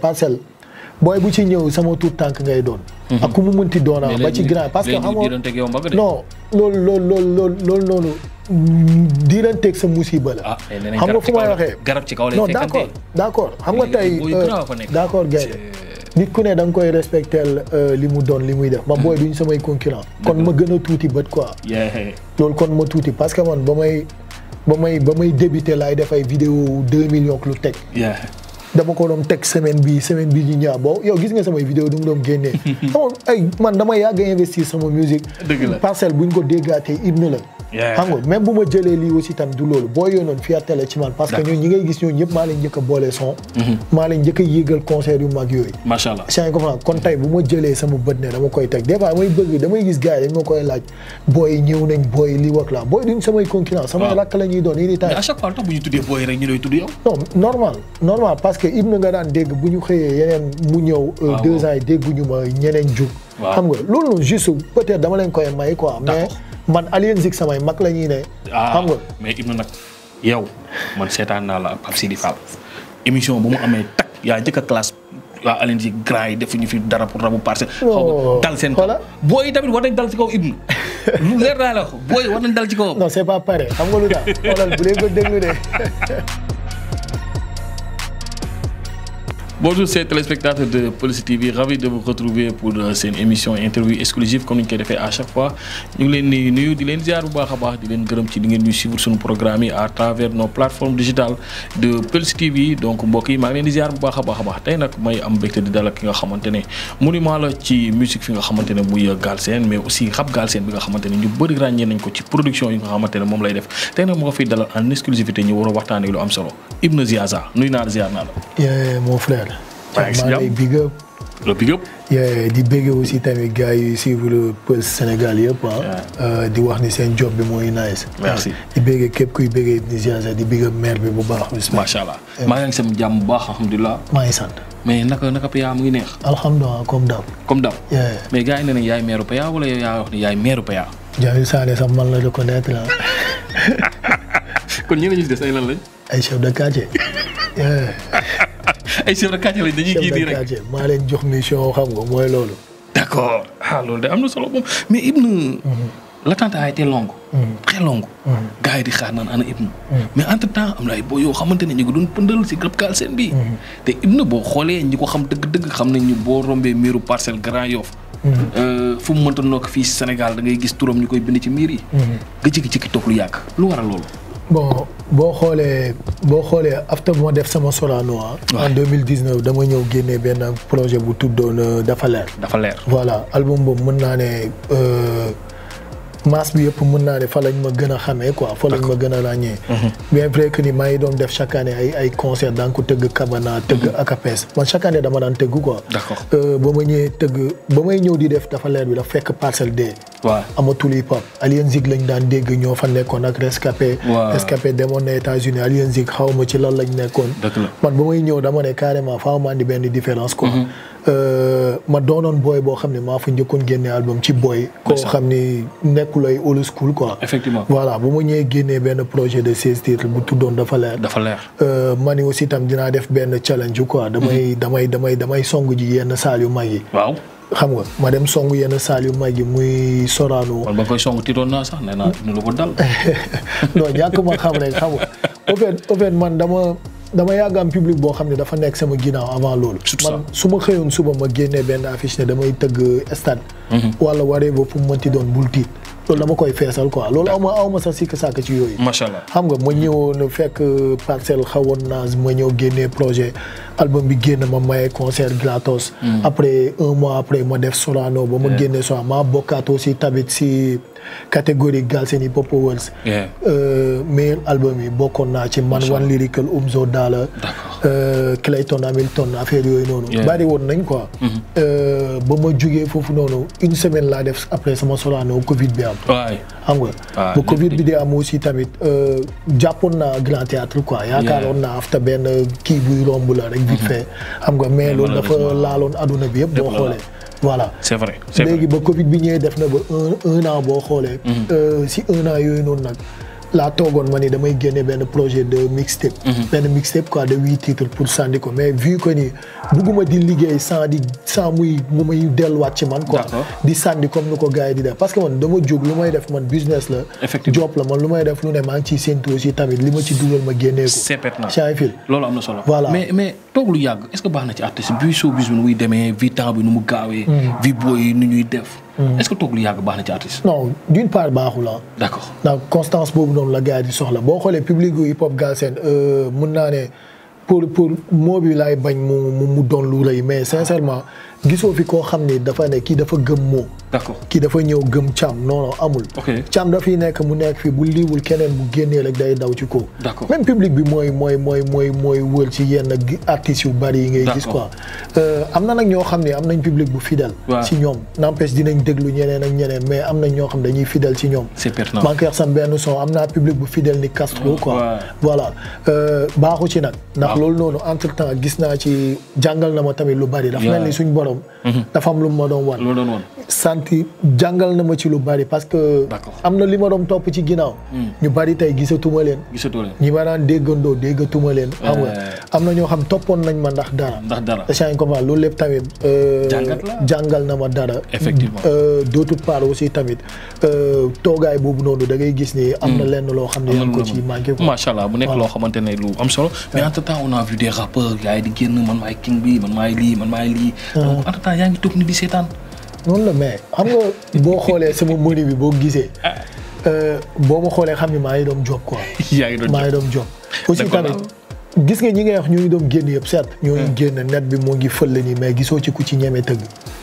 parcelle booy bu ci ñëw sama tuut tànk ngay doon mhm. ak ku mu munti doona ba ci grand parce que xamoo non loolu loolu loolu loolu loolu noonu mm, diiranteeg sa musiba la ah, xam nga fu may waxee non d'accord d'accord xam nga tey euh, d'accord gaynde nit ku ne da nga koy respectel euh, li mu doon li muy def ma booy hmm. ñu samay concurrent kon ma gën a tuuti bët quoi loolu kon ma tuuti parce que man ba may ba may ba may débuté laay def ay vidéo deux millions lu teg dama ko doon teg semaine bi semaine bi ñu ñaa boobu yow gis nga samay vidéo du mu génnee man dama yàgg investir sama musique parcelle ko déggaatee hymne la xam nga bu ma jëlee lii aussi tam du boo yooyu noonu fierté la ci man parce que ñoo ñi ngay gis ñooñu ñëpp maa leen njëkk a boole son mhm. a yéegal concert ko fan kon tey ma jëlee sama koy teg des fois may bëgg la booy duñ samay concurrent samay rakk la doon i normal normal que hymne nga daan dégg bu ñu xëyee yeneen mu ñëw. Euh, ah, deux ans yi dégguñu ma ñeneen jug. xam nga loolu noonu juste peut-être dama leen koy may quoi. mais man Alioune Zik samay mag la ñuy ne. Ah, xam nga mais hymne ya yow man seetaan la ak Pape Sidi Fall émission bu mu amee a classe. waaw Alioune Zik yi defuñu fi dara pour rabu parcelle. xaw dal seen kaw booy tamit war nañ dal ci kaw hymne. lu leer naa booy war nañ dal ci kaw. non c'est pas pareil xam nga lu tax xoolal bu dee ko de. Bonjour, c'est téléspectateurs de Police TV. Ravi de vous retrouver pour cette euh, émission interview exclusive comme nous ñu koy à chaque fois ñu ngi leen di nuyu di leen ziar bu baax a di leen gërëm ci di ngeen ñu suivre programme à travers nos plateformes digitales de Police TV donc mbokk ma maa ngi leen di ziar bu baax a baax a baax may am di dalal nga xamante monument la ci musique fi nga xamante ne euh, mais aussi rap Galsen bi nga xamante ne ñu bëri ràññee nañ ko ci production yi nga xamante ne moom lay def tey nag dalal en exclusivité ñu war a waxtaanee lu am solo Ibn Ziaza nuyu naa la ziar naa la. Eh, mon frère. par exemple big up. le up. di bëgg aussi tamit gars yi suivre le Pulse Sénégal yëpp ah. euh, di wax ni seen job bi mooy nice. merci di bëgg képp kuy bëggee Nijaasa di big up maire bi bu baax. macha allah maa ngi leen seen jàmm bu baax alhamdulilah. naka naka Paya mu ngi neex. alhamdulilah comme daaw. comme daaw. mais gars yi ne ne yaay maire Paya yaa wax ni yaay maire Paya. Diaby Sané sax man la reconnaître ah. kon ñeneen ñi ay lan lañ. ay chef ay chef de quartier lañ dañuy kii nii rek maa leen jox mission xam nga mooy loolu. d' accord ah loolu de am na solo moom mais Ibn. Mhm. l'attente a été longue. Mhm. très mhm. am na ay boo yoo xamante ne ñu ngi doon pëndal si Grab Galsen bi te Ibn boo xoolee ñi ko xam dëgg-dëgg xam nañ ñu boo rombee miiru parcelle Grand Yoff. Euh, fu mu mënta nokk fii Sénégal da ngay gis turam ñu koy bind ci miir yi. nga jékki-jékki toog lu yàgg lu waral loolu. bon boo xoolee boo xoolee after moo def sama Sorano ah, en 2019 dama ñëw génnee benn projet bu tout euh, dafa leer. dafa leer voilà album boobu mën naa ne. Euh, masse bi yëpp mun naa ne fa lañ ma gën a xamee quoi fa lañ ma gën a ràññee mhm. bien vrai que ni maa ngi def chaque ay concert daan ko tëgg Kabana tëgg mhm. Akapes man chaque dama daan tëgg quoi euh, ba ma ñëw di def dafa leer bi dafa fekk parcelle D waaw amatul hip hop Alien Zig lañ daan dégg ñoo fa nekkoon ak rescapé rescapé demoon na États-Unis Alien Zig ci lan lañ nekkoon man ba may ñëw dama ne carrément faaw maa indi benn différence quoi mhm. Euh, ma doonoon un album ci Boy koo qui old school quoi. effectivement voilà bu projet de 16 titres dafa euh, aussi tam un challenge quoi. Mhm. damay damay damay damay song ji yenn saal fait un waaw. xam nga suis dem dama yàgg am public boo xam ne dafa nekk sama ginnaaw avant loolu. man su ma xëyoon suba ma génnee benn affiche ne damay tëgg stade. Mhm. wala waree ba fu mu doon bulti tiit loolu dama koy feesal quoi loolu aw ma aw ma sax sikk sàkk ci yooyu macha allah xam nga ma mhm. ñëwoon fekk parcelle xawoon naa ma ñëw génnee projet album bi génn ma maye concert gratos mhm. après un mois après ma def Sorano ba ma génnee Sorano ma bokkaat aussi tamit si catégorie Galsen Hip Hop Awards meilleur album yi bokkoon naa ci man One Lyrical Omzo Dollar euh, Clayton Hamilton affaire yooyu noonu bari woon nañ quoi euh, ba ma jugee foofu noonu une semaine là def après sama Sorano Covid bi am. xam nga ah, bu Covid bi dee am aussi tamit euh, jàppoon naa Grand Théâtre quoi. yaakaaroon naa afta ben ki buy romb la rek. vite mhm. fait xam nga mais loolu dafa laaloon aduna bi yeb bo xolé voilà c'est vrai c'est vrai léegi ba Covid bi ñëwee def na ba un an bo xolé mhm. euh si un an yoy non nak laa toogoon ma ni damay génne benn projet de mixtape. Mhm. benn mixtape quoi de huit titres pour sànni ko mais vu que ni bugguma di liggéey sans di sans muy ci man. quoi di sànni comme ni ko gars yi di def parce man dama jóg lu may def man business la. job la man lu may def lu ne maa ngi ciy séntu tamit li ma ci dugal ma génnee ko. seepet naa loolu am na solo. mais mais toog lu yàgg est-ce que baax na ci artiste bi showbiz nu muy demee vie temps bi nu mu gaawee. vie mhm. booy nu ñuy def. Hmm. est-ce que tu as un artiste. non d'une part ah. d'accord la constance boobu la gars di soxla le public du hip hop Galsen euh, pour pour mu mu mais sincèrement. gisoo fi koo xam ni dafa ne kii dafa gëm moo. d'accord kii dafa ñëw gëm càmm non non amul. ok càmm dafiy nekk mu nekk fi bu liiwul keneen bu génnee rek day daw ci kaw. d'accord même public bi mooy mooy mooy mooy mooy wër ci yenn artistes yu bari yi ngay gis quoi. Euh, am na ñoo xam ne am nañ public bu fidèle. si ñoom n'empêche dinañ déglu ñeneen ak ñeneen mais am nañ ñoo xam dañuy fidèle ci ñoom. c'est pertinent man kay sam benn son am naa public bu fidèle ni Castro quoi. voilà euh, baaxu ci nag. ndax loolu noonu entre temps gis naa ci jàngal na ma tamit lu bari. daf mel ni suñ borom borom. dafa am lu ma doon wan. santi jàngal na ma ci lu bari parce que. am na li ma doon topp ci ginnaaw. Hmm. ñu bari tey gisatuma leen. gisatoo leen ñi ma daan déggandoo déggatuma leen. xam eh. am na ñoo xam toppoon nañ ma ndax dara. ndax dara échange comme loolu lépp tamit. Euh, jàngat la jàngal na ma dara. effectivement euh, d'autre part aussi tamit euh, toogaay boobu noonu dangay gis ni. am na hmm. lenn loo xam ne yaa ngi ko ci manqué. macha allah bu nekk loo xamante ne lu am solo. mais entre temps on a vu des rappeurs di génn man maay entre temps yaa ngi toog ni di seetaan. noonu la mais xam nga boo xoolee sama menu bi boo gisee. Ah. Euh, boo ma xoolee xam ni maa ngi doon job quoi. yaa maa ngi doon job. aussi tamit gis nga ñi nga wax ñooñu doon génn yëpp certes. ñooñu hmm. génn net bi moo ngi fële nii mais gisoo ci ku ci ñeme tëgg.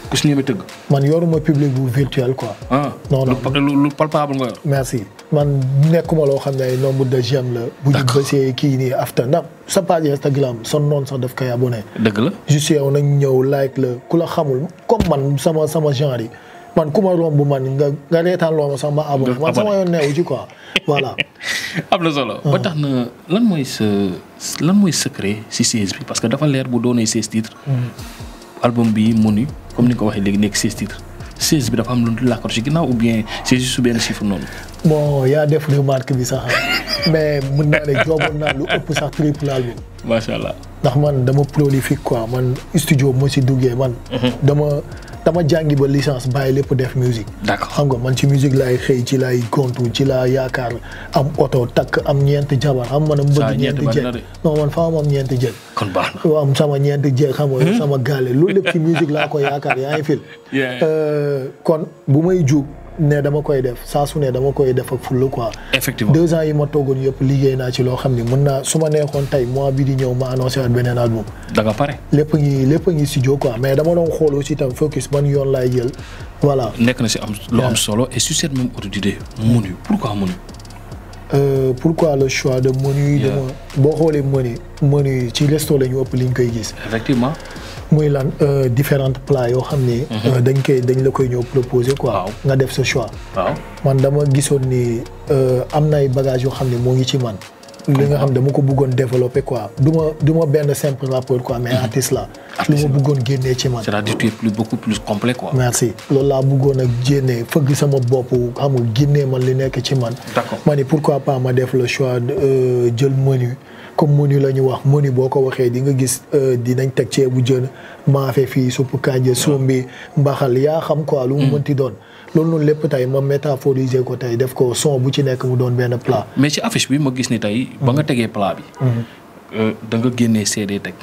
ku ci ñeme tëgg. man yoruma public bu virtuel quoi. Ah. non non lu palpable nga yor. man nekkuma loo xam ne ay nombre de j'aime la. bu ñu bësee kii nii after ndax sa page Instagram sa noon sax daf koy abonné. dëgg la juste yow nag ñëw like la ku la xamul comme man sama sama genre yi man ku ma romb man nga nga reetaan loo ma sax ma abonné man sama yoon neewu ci quoi voilà. am na solo. ba tax na lan mooy secret si 16 bi parce que dafa leer bu doonee 16 titres. Mm-hmm. album bi Menu comme ni nga ko waxee léegi nekk 16 titres 16 bi dafa am lu làkkatu si ginnaaw bon yaa def remarque bi sax mais mën naa ne jooboon naa lu ëpp sax triple album. macha allah ndax man dama prolifique quoi man studio moo si duggee man. Mhm. dama dama jàngi ba licence bàyyi lépp def musique. d'accord xam nga man ci musique laay xëy ci laay gontu ci laa yaakaar am oto takk am ñeenti jabar xam man. saa ñeenti bëgg ñeenti jeeg non man faa ma am ñeenti jeeg. kon baax am sama ñeenti jeeg xam nga mhm. sama gaale loolu lépp ci musique laa ko yaakaar yaa ngi fil. Euh, kon bu may juug. ne dama koy def sa su ne dama koy def ak fulla quoi. effectivement deux ans yi ma toogoon yëpp liggéey naa ci lo xamni ni mën naa su ma neexoon mois bi di ñëw ma annoncé waat benen album. da nga paré lépp ngi lépp ngi studio quoi mais dama don xolo ci tam focus ban yoon lay jël voilà. nek na ci am lo am solo et sur cette même autodidacte Monu pourquoi Monu. Euh, pourquoi le choix de Monu. de bo xolé Monu Monu ci resto la ñu ëpp li koy gis. effectivement muy lan euh, différentes plats yo xamné mhm. euh, dañ koy dañ la koy ñeu proposer quoi. nga def ce choix. man dama gissone ni euh, am na ay bagages yoo xam ne ngi ci man. li nga xamné dama ko bëggone développer quoi duma duma du benn simple rapport quoi mais mhm. artiste la. li mo bëggone génnee ci man. c'est-à-dire tu es plus beaucoup plus complet quoi. merci lool la bëggone a génné feug sama bop xam nga man li nekk ci man. d'accord ma pourquoi pas ma def le choix jël menu. comme menu la ñu wax menu boo ko waxee di nga gis euh, dinañ teg ceebu jën maafe fii suppu kànja sombi mbaxal yaa xam a lu mu hmm. mënti doon loolu noonu lépp tey ma métaphoriser ko tey def ko son bu ci nekk mu doon benn plat mais ci affiche bi ma gis ni tey ba nga hmm. tegee plat bi hmm. euh, da génnee CD teg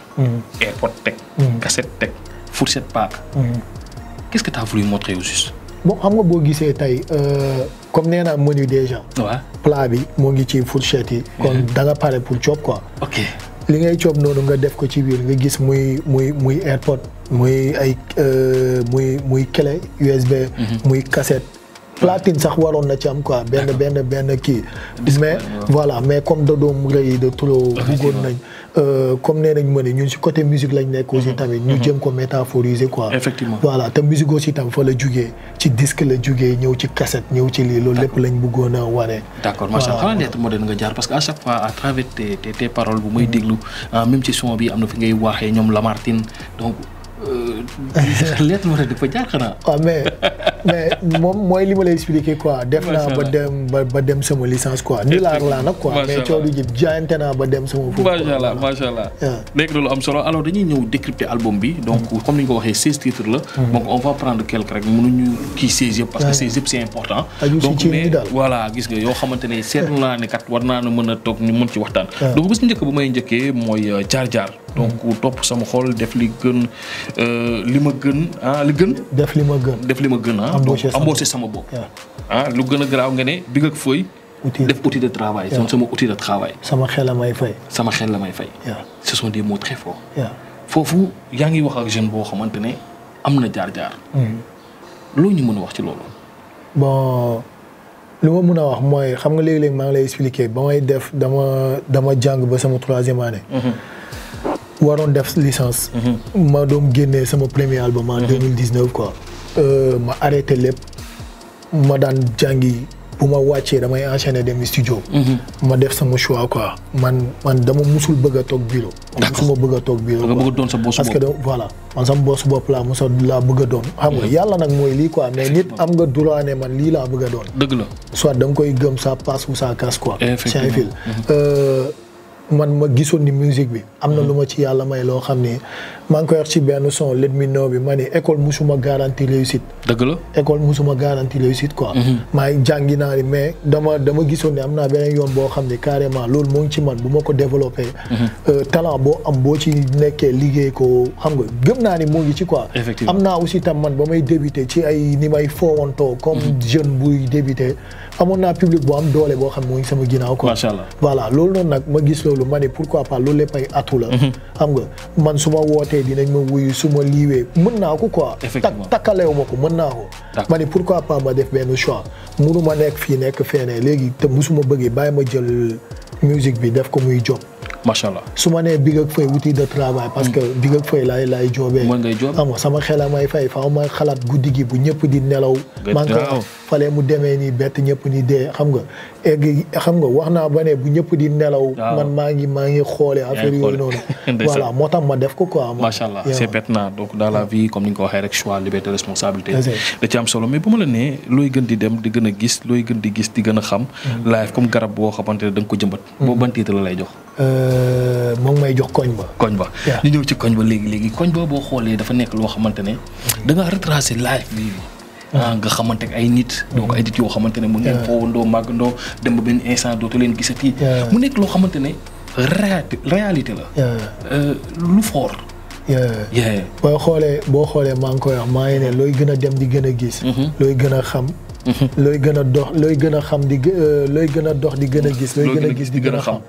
airpod teg cassette teg fourchette paak qu'est-ce que nga boo gisee tey euh, comme nee naa menu déjà. waaw plat bi moo ngi ci fourchette yi. kon mm-hmm. da pare pour coob ko ok li ngay coob noonu nga def ko ci biir nga gis muy muy muy airpod muy ay euh, muy muy clé USB. Mm-hmm. muy cassette. platine sax waroon na ci am quoi benn benn benn kii. mais voilà mais comme da doom rëy de trop. bëggoon nañ euh, comme nee nañ ma ne ñun si côté musique lañ nekk aussi mhm. tamit. ñu jëm mhm. ko métaphoriser quoi. effectivement voilà te musique aussi tam fa la jugee ci disque la jugee ñëw ci cassette ñëw ci lii loolu lépp lañ bëggoon a wane. d' accord macha allah nga jaar parce que à fois à travers tes tes paroles mhm. déglu euh, même ci son bi am na fi ngay waxee ñoom Lamartine donc. Euh, lettre war a dafa jaar xanaa. waaw mais mais moom mooy li ma lay expliquer quoi. def naa ba dem ba ba dem sama licence quoi. ni laa laa nag quoi mais coow ji jaayante naa ba dem sama. foofu macha allah macha allah. nekk ah. na bi. donc mm-hmm. comme ni ñu waxee seize titres la. Mm-hmm. donc on va prendre quelques rek mënuñu kii gis nga yoo xamante ne seetlu naa ne kat war naa ne mën a toog ñu mën ci waxtaan. Ah. donc bés njëkk bu may njëkkee mooy euh, jaar jaar. donc top sama xol def li gën euh lima gën ah li gën def lima gën def lima gën ah donc sama bok ah lu gëna graw nga né big ak feuille def outil de travail yeah. sama outil de travail sama xel la may fay sama xel la may fay ce sont des mots très forts fofu ya ngi wax ak jeune bo xamantene amna am jaar-jaar mm-hmm. lu ñu mëna wax ci lolu bon lu ma mën wax mooy xam nga léegi-léegi maa lay expliquer ba def dama dama jang ba sama troisième année mm-hmm. waroon def licence. Mhm. ma doom génne sama premier album en mhm. deux mille dix euh, ma arrêté lépp ma daan jàngi bu ma wàccee damay enchaîner dem studio. Mhm. ma def sama choix quoi man man dama musul bëgg a toog bureau. musuma ma a toog bureau. bëgg a doon sa bopp parce que voilà man sama bopp bopp laa musa laa bëgg doon. xam nga yàlla nag mooy lii quoi mais nit am nga droit ne man lii laa bëgg doon. dëgg la soit da koy gëm sa passe ou sa casse quoi. effectivement man ma gisoon ni musique bi am na lu ma ci yàlla may loo xam ne maa ngi koy wax ci benn son let me know bi ma ne école musuma garanti réussite dëgg la école musuma garantie réussite quoi mhm. maa ngi jàngi naa ni mais dama dama gisoon ni am naa beneen yoon boo xam ne carrément loolu moo ngi ci man bu ma ko développé mhm. euh, talent boo am boo ci nekkee liggéey ko xam nga gëm naa ni mu ngi ci quoi am naa aussi tam man ba may débuté ci ay ni may foowantoo comme mhm. jeune buy débuté amoon naa public boo am doole boo xam ne mooy sama ginnaaw quoi. macha allah voilà loolu noonu nag ma gis loolu ma ne pourquoi pas loolu lépp ay atu la. Mhm. man su ma wootee dinañ ma wuyu su ma liiwee mën naa ko quoi. effectivement takkaleewu ma ko mën naa ko. ma ne pourquoi pas ma def benn choix munu ma nekk fii nekk feneen léegi te musuma bëgge bàyyi ma jël musique bi def ko muy job. macha su ma nee Big ak Feuye outil de travail. parce mhm. que Big ak Feuye laay laay joobee. mooy ngay joob xam nga sama xel may fay faaw ma xalaat guddi gi bu ñëpp di nelaw. man fale mu demee nii bett ñëpp ni dee xam nga egg xam nga wax naa ba ne bu ñëpp di nelaw man maa ngi maa ngi xoolee affaire yooyu noonu voilà moo tax ma def ko quoi macha allah c'est pertinent donc dans la comme ni nga ko waxee rek choix liberté responsabilité da ci am solo mais bu ma la nee looy gën di dem di gën a gis looy gën di gis di gën a xam mm-hmm. live comme garab boo xamante ne da nga ko jëmbat mm-hmm. boobu bantiit la lay jox euh, moo may jox koñ ba koñ ba ñu ñëw ci koñ ba léegi léegi koñ ba boo xoolee dafa nekk loo xamante ne mm-hmm. da nga retracé live bi nga xamante ak ay nit. donc ay nit yoo xamante ne mën ngeen foowandoo màggandoo dem ba dootu leen gisati. mu nekk loo xamante ne réalité la. lu fort. boo xoolee boo xoolee maa ngi koy wax maa ngi looy gën a dem di gën a gis. looy gën a xam. looy gën a dox looy gën a xam di looy gën a dox di gën a gis. a gis di gën a xam.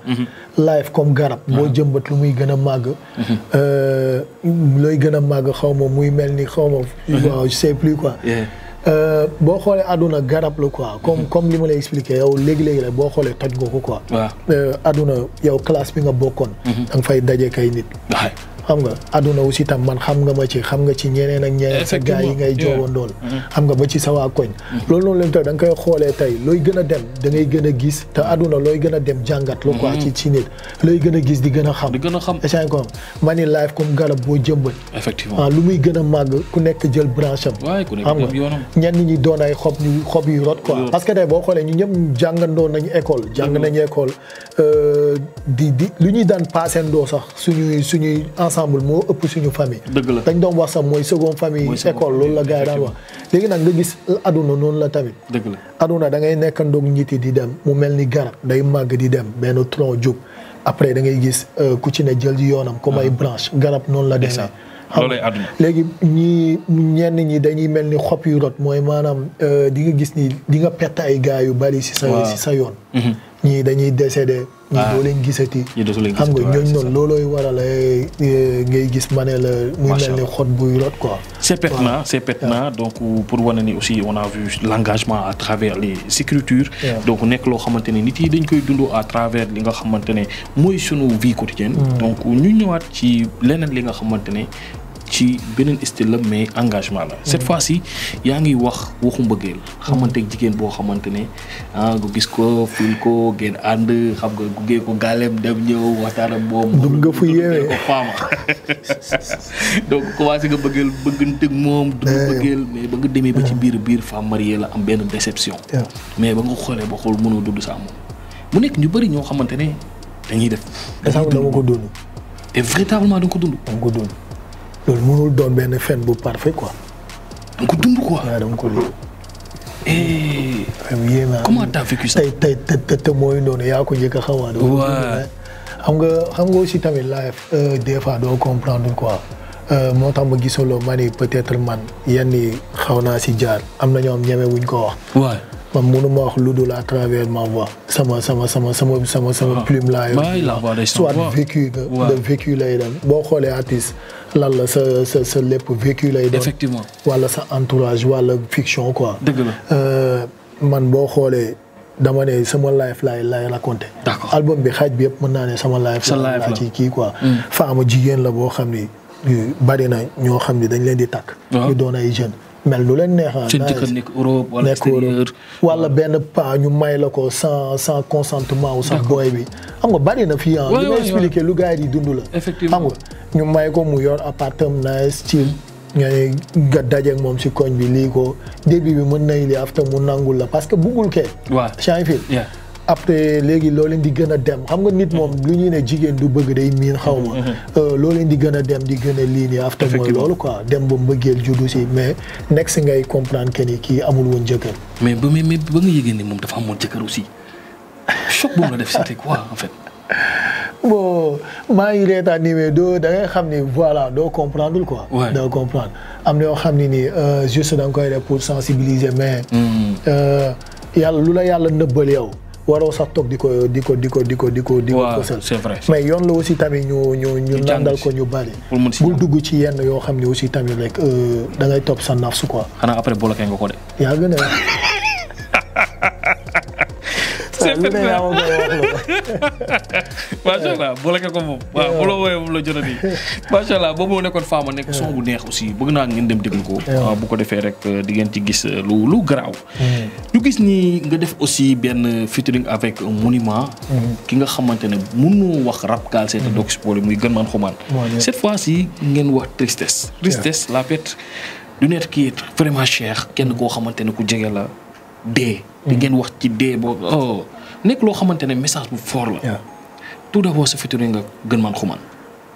comme garab. boo jëmbat lu muy gën a màgg. looy gën a màgg xaw ma muy mel ni xaw ma. je sais plus quoi. Euh, boo xoolee àdduna garab lu quoi comme comme li ma lay expliqué yow léegi-léegi la boo xoolee toj nga ko quoi. waaw euh, àdduna yow classe bi nga bokkoon. Mm-hmm. da nga fay dajee kay nit. xam nga àdduna aussi tam man xam nga ma ci xam nga ci ñeneen ak ñeneen sa gars yi ngay joowandool mm-hmm. xam nga ba ci sa waa koñ mm-hmm. loolu noonu lañ tax da koy xoolee tey looy gën a dem da ngay gën a gis te àdduna looy gën a dem jàngat lu quoi mm-hmm. ci ci nit gën a gis di gën a xam di gën a xam échange ma ni life comme garab boo jëmbat effectivement ah, lu muy gën a màgg ku nekk jël branche am xam nga ñenn ñi doon ay xob ñu xob yu rot quoi que boo xoolee ñu ñëpp jàngandoo nañu école jàng nañu école euh, di di lu ñuy daan paasendoo sax suñuy suñuy ensemble mo ëpp suñu famille dañ doon wax sax moy seconde famille école loolu la gaay daan wax légui nak nga gis aduna noonu la tamit aduna da ngay ndok ñiti di dem mu melni ni garab day mag di dem ben tronc jóg après da ngay gis euh, ku ci ne jël yoonam ko may ah. branche garab noonu la demee lolay aduna légui ñi ñenn ñi dañuy mel ni yu rot mooy maanaam euh, di nga gis ni di nga pett ay sisayon. yu bari ci sa ci sa yoon mhm. ni dañuy décédé. ni ah. do leen gisati. xam nga eh, ngay c'est pertinent c'est pertinent donc pour aussi on a vu l'engagement à travers les écritures. donc que lo nit yi dañ koy à travers li nga moy sunu vie quotidienne. Mm. donc ñu ñëwaat ci leneen li nga ci benen style mais engagement la cette mhm. fois ci ya ngi wax waxu mbëggeel xamanteeg jigen bo xamantene ah gu gis ko fil ko gen and xam nga gugee ko galem dem ñew waxtaan ak moom nga fu yewé ko faama donc commencé nga bëggel bëggeel bëgganteeg moom dugg eh. bëggel mais ba nga démé ba ci biir biir fam marié la am benn déception mais ba nga xolé ba xol mënoo dudd sa mom mu nek ñu bari ñoo xamantene dañuy def dañuy dama ko dund et véritablement da ko dund da ko dund loolu mënul nous donne fen bu parfait quoi. Donc, nga quoi eh. comment vécu ça t'as te te des fois tu comprendre quoi que je suis peut-être man xawna ci jaar ko wax à travers ma voix sama sama sama sama sama sama ah. plume soit vécu de vécu lan la sa sa vécu effectivement wala entourage wala fiction quoi. Euh, man boo xoolee. dama ne sama life raconté. album bi xaaj bi life. la ci kii quoi. je mm. jigéen la boo xam bari na ñoo xam dañ leen di ay mel leen ah, Europe pas ñu may sans sans consentement wu sax bi. xam nga ah. ñu may ko mu yoon appartement nice chill nga ne nga dajeeg moom si koñ bi lii ko début bi mën nañ lii after mu nangul la parce que buggul kee. waaw changé après léegi loo leen di gën a dem xam nga nit moom lu ñu ne jigéen du bëgg day miin xaw ma. Mm-hmm. Euh, loo di gën a dem di gën a lii nii after mooy loolu quoi dem ba mu mbëggeel juddu si mais nekk si ngay comprendre que ni kii amul woon jëkkër. mais ba mais ba nga yëgee ni moom dafa amoon jëkkër aussi choc boobu la def c'était en fait. bon suis ngi reetaan de voilà doo comprendre quoi. Ouais. comprendre am na yoo euh, pour sensibiliser mais. il y a des gens yow. sax aussi des ñu ñu ñu. ko ñu bari. dugg ci yenn aussi Sempre macha allah bu la ko ko moom waaw bu la wooyee mu la jot a di macha allah boobu moo nekkoon Fama nekk son bu neex aussi bëgg naa ngeen dem déglu ko bu ko defee rek di ngeen ci gis eh, lu lu garaaw ñu hmm. gis ni nga def aussi benn featuring avec un monument hmm. ki nga xamante ne mënoo wax rap galsen te doo ko si boole muy gën man xumaan cette fois ci ngeen wax tristesse iya. tristesse la perte d'une être qui est vraiment cher kenn koo xamante ne ku jege la dee. di ngeen wax ci dee boobu oh nekk loo xamante ne message bu fort la. tout d'abord sa featuring nga gën man xuman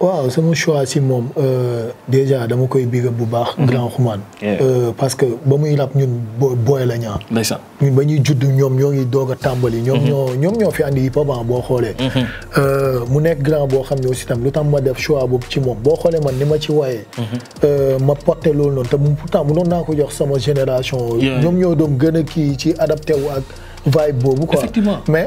waaw sama choix si moom euh, déjà dama koy biir bu baax. Mm-hmm. grand xumaan. Euh, parce que ba muy rap ñun booy la ñaa ñun ba ñuy judd ñoom ñoo ñoom doog a tàmbali. ñoom mm-hmm. ñoo ñoom ñoo fi andi hip hop ah, boo xoolee. Mm-hmm. Euh, mu nekk grand boo xam ne aussi tam lu tax ma def choix boobu ci moom boo xoolee man ni ma ci waaye. ma porté loolu noonu ta pourtant mënoon naa ko jox sama génération. ñoom ñoo doon gën a kii ci adapté wu ak vibe boobu quoi.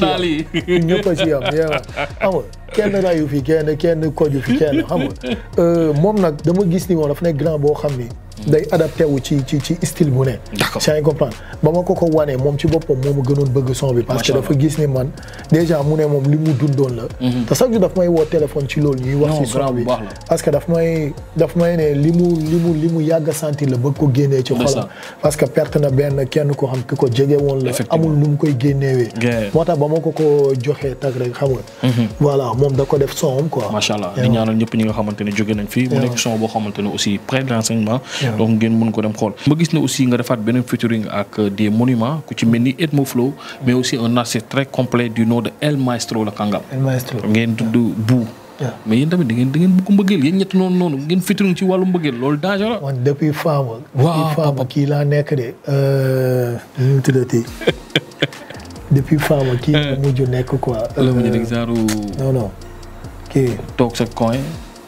ci yem ñëpp a ci yem kenn rayu fi kenn kenn koju fi kenn xam nga euh, moom nag dama gis ni moom dafa nekk grand boo xam ni. day adapté wu ci ci ci style bu ne. d'accord c'est comprendre ba ma ko ko wanee moom ci boppam moo ma gënoon bëgg son bi. parce que dafa gis ni man déjà mu ne moom li mu dundoon la. Mhm. te chaque jour daf may woo téléphone ci loolu. ñuy wax ci son bi parce que daf may daf may ne li mu li mu li mu yàgg a sentir la bëgg ko génnee ci xolam. parce que perte na benn kenn ko xam ki ko jege woon la. amul nu mu koy génneewee. moo tax ba ma ko ko joxee tag rek xam nga. Mhm. voilà moom da ko def sonam quoi. allah di ñaanal ñëpp ñi nga xamante jóge nañ fi. mu nekk son boo xamante aussi près d' enseignement. donc ngeen mën euh, Flow mm. mais aussi un artiste très complet du nom de El Maestro la Kangam. ngeen tudd Bou. mais yéen tamit da ngeen da mbëggeel yéen ñett noonu noonu ngeen featuring ci wàllu mbëggeel loolu danger depuis Fama. kii laa nekk de. Euh, nu depuis Fama kii. Euh, mujj nekk quoi. la mujj rek euh, genre. non non kii. toog sa coin.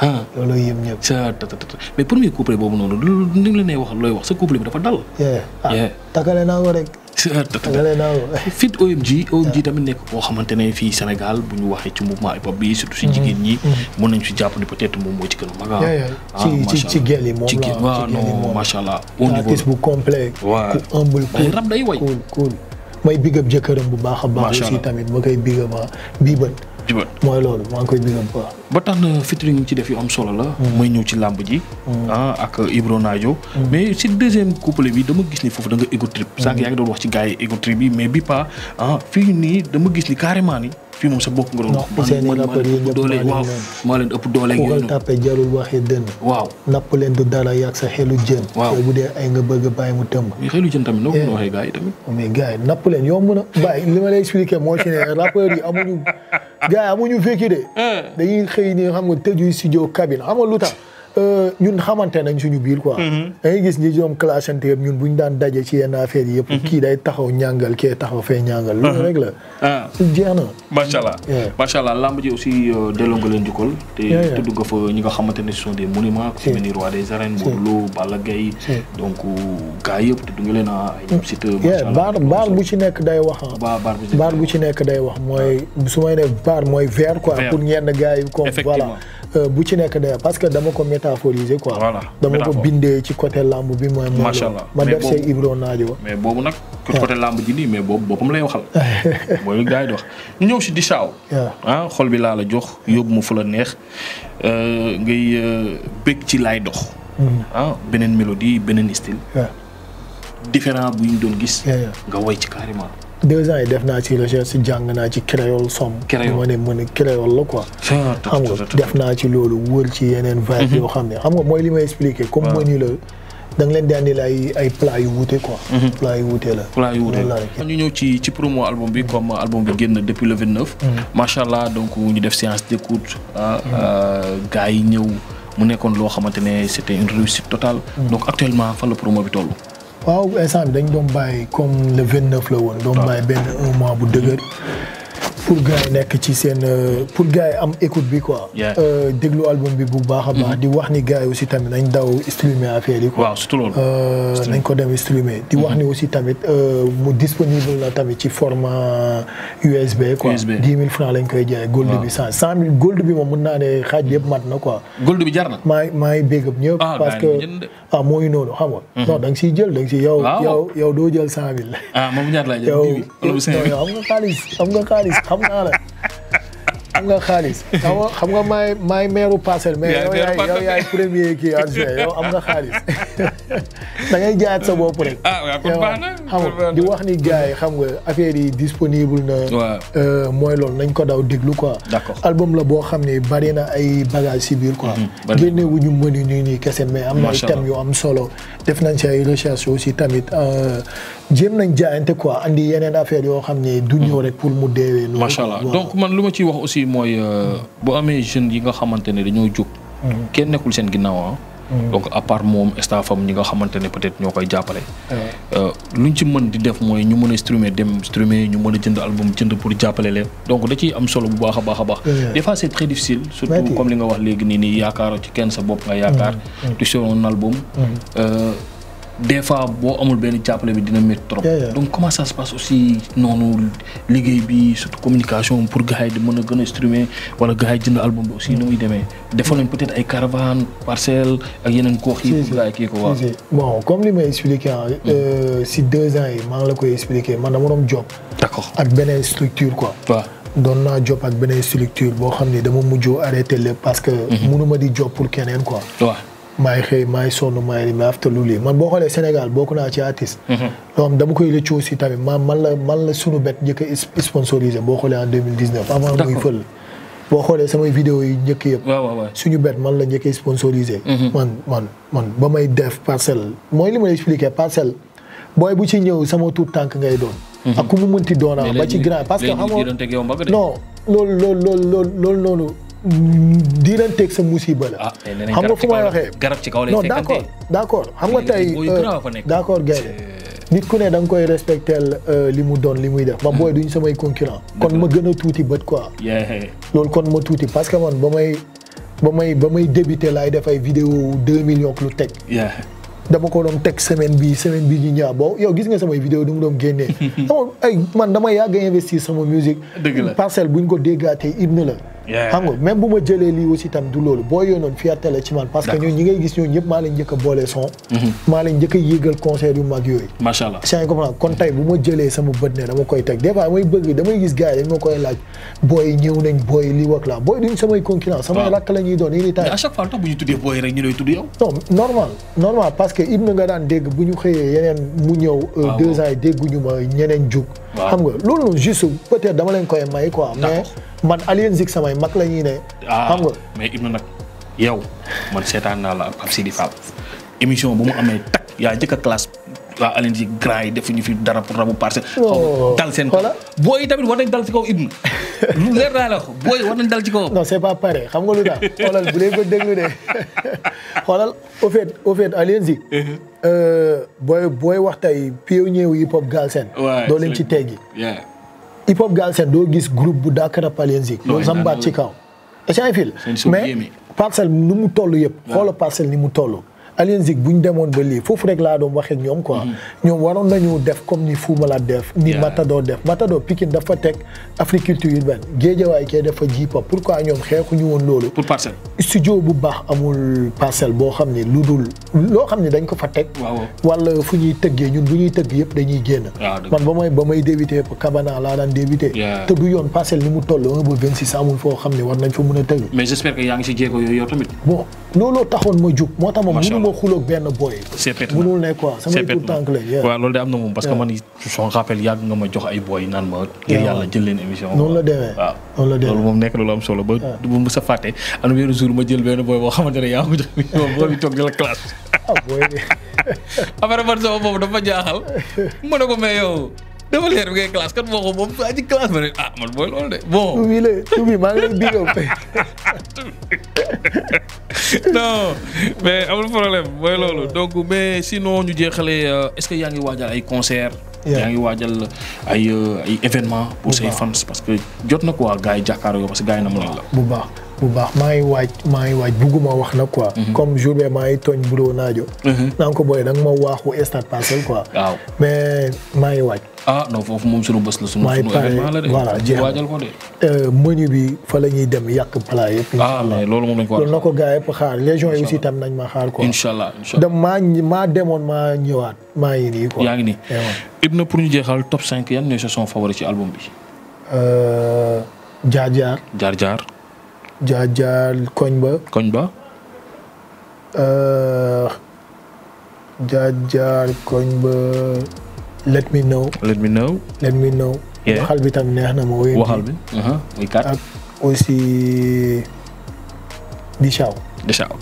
ah loolu yëm ñëpp ca ta ta mais pour muy couple boobu noonu ni la nee wax looy wax sa couple bi dafa dal takale naa ko rek fit OMG OMG tamit nekk koo xamante ne fii Sénégal bu ñu waxee ci mouvement hip hop bi surtout si jigéen ñi mën nañ si jàpp ni peut être moom moo ci ci ci ci bu complet waaw ku humble cool rab day way cool cool may big up jëkkëram bu baax a baax ci tamit ma koy big up ah. biibal jubal mooy loolu maa ngi koy biiroon quoi. ba tax na featuring yi ci def yu am solo la. may mm. ñëw ci làmb ji. Mm. Ah, ak Ibro mm. mais si deuxième couplet bi dama gis ni foofu da ah, moom sa bopp nga doon. i rappeurs yi ñëpp maa leen waaw maa leen ëpp doole ak yooyu tàppe jarul waxi dënn. waaw napp leen du dara yàgg sa xelu jën. waaw bu dee ay nga a eh. bàyyi li ma lay expliquer moo ci ne rappeurs yi amuñu gars yi amuñu vécu de. Euh. dañuy xëy ni xam nga tëju studio cabine xam nga lu tax. Euh, ñun xamante nañ suñu biir ko mm-hmm. da ngay gis ñi ñoom clashante yëpp ñun buñ daan daje ci yenn affaire yi yëpp. Mm-hmm. kii day taxaw ñàngal ke taxaw fee ñàngal. loolu mm-hmm. rek la. Ah. jeex na. macha allah macha aussi euh, delloo nga leen jukkal. te tudd nga fa ñi nga xamante ne ce sont des monuments. ku ci mel ni roi des arènes. Modou Lo Balla donc euh, gars yëpp tudd leen a ah, ay ñoom baar bu ci nekk day wax ah. baar bu ci nekk day wax mooy ah. su may ne baar mooy verre quoi. pour ñenn gars yi comme Euh, bu ci nekk d'ailleurs parce que dama ko métaphoriser quoi. voilà dama ko bindee ci côté làmb bi mooy. macha allah ma def see Ibro mais boobu nag. Ah. côté làmb ji nii mais boobu boppam lay waxal. Ah. boobu gars yi di ñëw si di ah. ah xol bi laa la jox yóbbu ma fu la neex euh, ngay euh, bég ci laay dox. Mm-hmm. ah beneen mélodie beneen style. différent bu ñu doon gis. nga woy ci carrément. deux ans et def ci recherche ci créole som les ne a créole quoi xam nga ci lolu wër ci yenen mhm. xam le, ay quoi mhm. ñu ci ci promo album bi album bi depuis le 29 mhm. macha donc ñu def séance d'écoute euh ah, ah, gaay ñëw mu nekkoon loo xamante c'était une réussite totale donc actuellement fan le promo bi toll waaw instant bi dañ doon bàyyi comme le 29 la woon. doon bàyyi benn un mois bu dëgër. pour gars yi nekk ci seen euh, pour gars am écoute bi quoi. Euh, déglu album bi bu baax a baax. Mm-hmm. di wax ni gars yi aussi tamit nañ daw streamer affaire yi quoi. waaw surtout loolu. Euh, nañ ko streamer. di wax ni mm-hmm. aussi tamit mu disponible la tamit ci format USB quoi. USB 10 000 francs lañ koy jaay. gold bi cent cent mille bi moom mun naa ne xaaj bi yëpp mat na quoi. gold bi jar na. maa maa ngi bégg ñëpp. Ah, parce que ah mooy noonu xam nga. Mm-hmm. non da nga siy jël da nga siy yow. yow yow doo jël cent mille. ah moom ñaar laa jël yow yow am nga xam naa la xam nga xaalis xam nga xam nga maay maay meeru parcelle mais yow yaay yow yaay premier kii adjoint yow am nga xaalis da ngay jaayaat sa bopp rek. ah waaw kon baax na xam nga di wax ni gars yi xam nga affaire yi disponible na. Euh, mooy loolu nañ ko daw déglu quoi. d'accord album la boo xam ne bari na ay bagages si biir quoi. Mm-hmm. génne wu ñu mën nii nii kese mais am na ay thèmes yu am solo. def nañ ci ay recherche si tamit euh, jéem nañ jaayante quoi di yeneen affaire yoo xam ne du ñëw mm-hmm. rek pour mu deewee. macha allah donc man lu ma ciy wax aussi mooy euh, boo amee jeunes yi nga xamante ne dañoo jóg. Mm-hmm. kenn nekkul seen ginnaaw ah. Mm. donc à part moom staffam ñi nga xamante ne peut être ñoo koy jàppale. Euh, luñ ci mën di def mooy ñu mën a streamer dem streamer ñu mën a jënd album jënd pour jàppale leen donc da am solo bu baax a baax a baax. des fois très difficile. surtout comme li nga wax léegi nii nii yaakaaroo ci kenn sa bopp nga yaakaar. Mm. Mm. tu sors album. Euh, des fois bo amul ben jàppale bi dina met trop. donc comment ça se passe aussi nonou liguey bi surtout communication pour gars yi di mën a streamer wala gars jënd album bi aussi nu démé demee. defoon peut-être ay caravane parcelle ak yeneen gox yi. pour gars ki ko waaw bon comme li may expliquer hein, mm. euh si deux ans yi maa la koy expliquer man dama doon job. d'accord ak beneen structure quoi. wa doon naa job ak beneen structure bo xam dama mujjoo arrêter le parce que. Mm-hmm. mënu di job pour kenen quoi. waaw maay xëy maay sonn maay li maay aftalu lii man boo xoolee Sénégal bokk naa ci artiste. Mhm. loo xam dama koy rëccu aussi tamit man man la man la a sponsorisé suñu bet njëkk a man man ba may def parcelle mooy li ma parcelle booy bu ci ñëw sama tuut tànk ngay doon. Mhm. ak ku mu mënti doonaa ba ci grand parce que. non loolu loolu loolu loolu noonu. diiranteeg sa musiba la. Ah, xam nga fu may waxee garab ci kaw lay non d' accord d' accord xam nga tey d' accord gaynde nit ku ne da nga koy respectel euh, li mu doon li muy def. ma booy hmm. duñ samay concurrent kon ma gën a tuuti bët quoi. loolu kon ma tuuti parce que man ba may ba may ba may débuté laay def ay vidéo deux millions lu teg. dama ko doon teg semaine bi semaine bi ñu ñaa boo yow gis nga samay vidéo du mu doon génnee. ay man dama yàgg investir sama musique. dëgg la parcelle buñ ko déggaatee hymne la. xam nga même bu ma jëlee lii aussi tam du loolu boo yoonoon fierté la ci man parce que ñun ñi ngay gis a boole son mhm. maa leen njëkk a yéegal concert yu mag yooyu sama bët ne dama koy gis gars yi dañ koy laaj booy ñëw nañ booy lii wak la booy duñ samay concurrent samay rakk la ñuy doon yii ni tay ñu parce que hymne nga daan dégg bu ñu xëyee yeneen mu ñëw euh, ah, deux ans yi dégguñu ma ñeneen jug xam nga loolu noonu juste peut-être dama leen koy may quoi mais man Alioune Zik samay mag la ñuy ne. Ah, mais Ibou nag yow man seetaan naa la ak Pape Sidi émission bu mu amee tak yaa njëkk a classe waa Alioune Zik grand yi fi dara pour rabu parce que. Oh, dal seen kaw booy tamit war nañ dal ci kaw Ibou. lu leer naa la ko booy yi war nañ dal ci kaw. c'est pas pareil xam nga lu xoolal bu leen ko déglu de xoolal au fait au fait Alioune uh-huh. euh, booy booy wax tey pionnier wu hip hop Galsen. doo leen ci teggi. hip hop Galsen doo gis groupe bu daa karapal yéen si loolu sama baat ci kaw échange fil mais parcelle nu mu toll yëpp xoola parcelle ni mu toll Alien Zik bu ñu demoon ba lii foofu rek laa doon waxee ñoom quoi. Mm-hmm. ñoom waroon nañu def comme ni Fou Malade def. ni Matador def Matador Pikine dafa teg Africulture urbaine géejawaay kee dafa ji pop pourquoi ñoom xeexuñu woon loolu. pour parcelle. studio bu baax amul parcelle boo xam ne lu dul loo xam ne dañ ko fa teg. wala fu ñuy tëggee ñun bu ñuy tëgg yëpp dañuy génn. Ah, man ba may ba may débuté Kabana laa daan débuté. te du yoon parcelle ni mu toll ba amul foo xam ne war nañ fa a tëgg. mais j'espère que yaa nga xuloog benn boy. seepet na munul ne de am na moom parce que man son rappel yàgg nga ma jox ay boy naan ma. yàlla jël leen waaw loolu moom nekk loolu am solo ba bu fàtte am benn jour ma jël benn boy boo xamante ne yaa ngi ko jox boo bi la classe. ah booy bi. après dafa jaaxal ma ne ko mais yow. Dama leer bi kelas kan mau ngomong tuh aja kelas classe ah man mooy loolu de bon. tubi la tubi maa ngi lay bigam. non mais amul problème mooy loolu donc be sino ñu jeexalee euh, est ce que yaa ngi ay concert. yaa ngi waajal ay euh, ay événement pour say fans parce que jot na quoi gars jakar jàkkaarloo parce que gars yi na mu la. bu baax bu baax maa ngi my maa ngi waaj bugguma wax na quoi. Mhm. comme jour bee maa ngi tooñ buloo naajo. Mhm. naa ko booyee ma quoi. mais ah non foofu moom suñu bës la suñu événement la de voilà euh, bi fa la ñuy dem yàq plat yëpp ah mais loolu moom nañ ko loolu na ko gars yëpp xaar légion yi aussi tam nañ ma xaar quoi incha allah incha allah dem maa demoon maa ñëwaat maa ngi nii yaa ngi nii Ibna pour ñu jeexal top 5 yan ñooy sa son favori ci album bi euh, jaar jaar jaar jaar jaar koñ ba koñ ba euh, jaar jaar koñ ba let me know. let me know. let me know. waxal bi tam neex na ma. waxal bi muy kat ak aussi di Dichaw.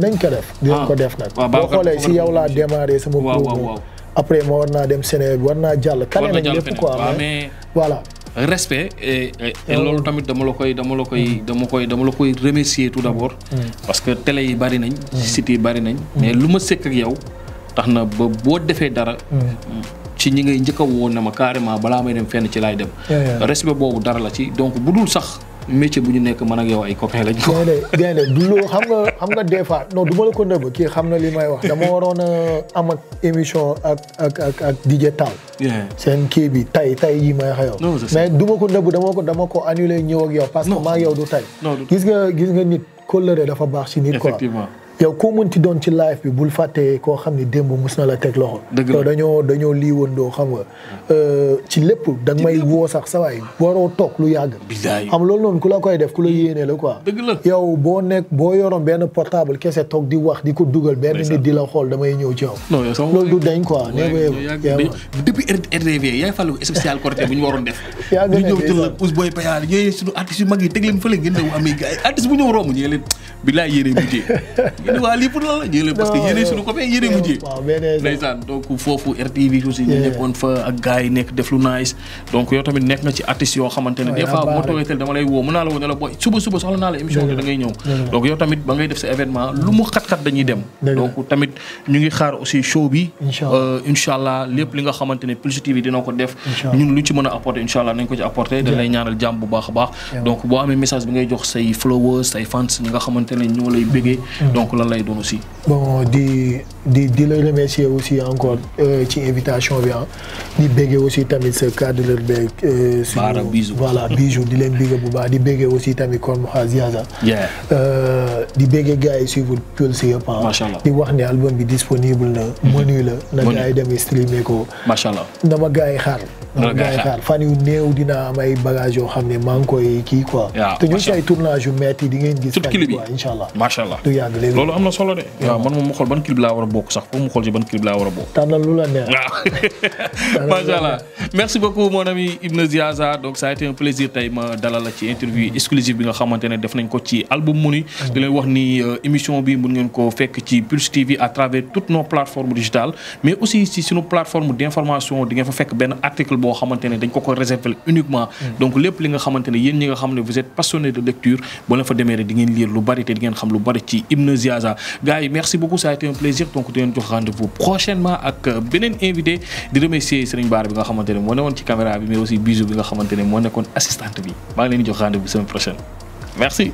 dinañ ko def. Ah. def nag. boo xoolee si yow laa démarré sama. waaw après ma war naa dem Sénégal war naa jàll. kale nañ lépp quoi mais voilà. respect et, ah. loolu tamit dama la koy dama koy mm. dama koy dama koy remercier tout d'abord mm. parce que tele yi bari nañ mm. yi bari nañ mm. mais lu ma sëkk ak yow tax na ba boo defee dara mm. ci ñi ngay njëkk a woo ne ma carrément balaa may dem fenn ci laay dem yeah, respect boobu dara la ci donc bu dul sax métier bu ñu nekk man ak yow ay copain lañ ko. déedéet du loo xam nga xam nga des fois non du ma la ko nëbb kii xam na li may wax dama waroon a am émission ak ak ak ak seen kii bi tay tay yi may wax yow. mais du ma ko nëbb dama ko dama ko annulé ñëw yow. parce que maa yow du tay gis nga gis nga nit kóllëre dafa baax si nit quoi. yow koo mënti doon ci live bi bul fàtte koo xam ni démb mus na la teg loxo. dëgg la dañoo dañoo lii doo xam nga. Hmm. Euh, ci lépp da may woo sax sa waay waroo toog lu yàgg. am loolu noonu ku la koy def ku la yéenee la quoi. yow boo nekk boo yoroon benn portable kese toog di wax di ko dugal. benn nit di la xool damay ñëw ci yow. loolu du dañ quoi. depuis RDV yaay fàllu spécial corté bu ñu waroon def. yàgg nañ ñëw jël Ouz mag yi teg leen fële ngeen ne amee gars yi bu ñëw video hali pun lah jele pasti jele sunu ko be jele mu je ndaysan donc fofu RTV aussi ñu nekkon fa ak gaay nek def lu nice donc yow tamit nek nga ci artiste yo xamantene des fois motor itu, dama lay wo menalu la wone la boy suba suba soxla na la émission da ngay ñew donc yow tamit ba ngay def sa événement lu mu xat xat dañuy dem donc tamit ñu ngi xaar aussi show bi euh inshallah lepp li nga xamantene Pulse TV dina ko def ñun lu ci mëna apporter inshallah nañ ko ci apporter da lay ñaanal jam bu baax baax donc bo amé message bi ngay jox say followers say fans ñi nga xamantene ñoo lay bégué donc lan lay doon aussi. bon di di di la remercier aussi encore euh ci invitation bi ah di béggee aussi tamit ce cadre beeg. Euh, baara bisu voilà bisu di len béggee bu ba di béggee aussi tamit kon Mouhass Diazza. di béggee gars yi suivre Pulse si yëpp ah. macha allah di wax ni album bi disponible na. Mhm. menu la na gars dem streamer ko. machallah dama na gars xaar. gars yi xaar fan yu néew dinaa am ay bagages yoo xam ne maa ngi koy kii quoi. te ñu ngi si ay tournages yu métti di ngeen gis. surtout clip bi incha allah macha allah du yàgg léegi solo merci beaucoup mon ami Ibn Ziaza donc ça a été un plaisir ma interview exclusive bi nga def album wax émission Pulse TV à travers toutes nos plateformes digitales mais aussi si nos plateformes d'information information di fa article boo dañ ko ko uniquement. Mm. donc lépp li nga vous êtes passionné de lecture boo leen fa lire lu bari Ibn Ziaza Plaza gars merci beaucoup ça a été un plaisir donc côté, leen rendez-vous prochainement avec euh, beneen invité di remercier Serigne Bar, bi nga xamante ne moo nekkoon ci caméra bi mais aussi Bisou, bi nga xamante ne moo nekkoon assistante bi maa ngi di jox rendez-vous semaine prochaine merci.